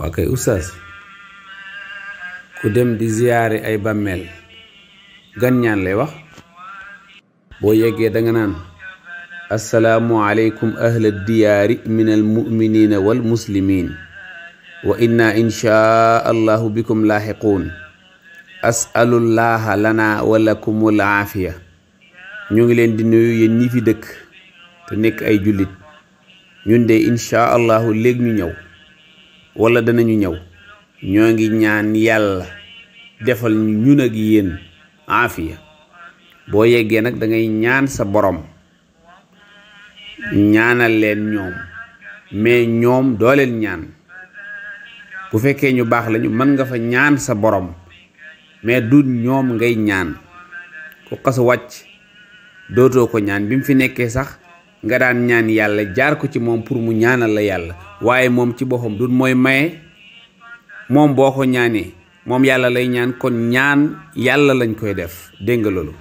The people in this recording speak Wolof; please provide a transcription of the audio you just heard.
waa kay oustaz ku dem di ziyaare ay bàmmeel gan lay wax boo yeggee danga naan assalaamu aleykum ahla diyaari min almuminina wal muslimin wa inna inshaa allahu bikum laaxiquun asalullaha lana wa lakumul aafiya ñu ngi leen di nuyu yéen ñi fi dëkk te nekk ay jullit ñun de inshaa allahu léegi ñu ñëw wala danañu ñëw ñoo ngi ñaan yàlla defal ñu ñun ak yéen aafiya boo yeggee nag dangay ñaan sa borom ñaanal leen ñoom mais ñoom doo leen ñaan bu fekkee ñu baax lañu mën nga fa ñaan sa boroom mais du ñoom ngay ñaan ku xas wàcc dootoo ko ñaan bi mu fi nekkee sax nga daan ñaan yàlla jaar ko ci moom pour mu ñaanal la yàlla waaye moom ci boppam du mooy maye moom boo ko ñaanee moom yàlla lay ñaan kon ñaan yàlla lañ koy def dégg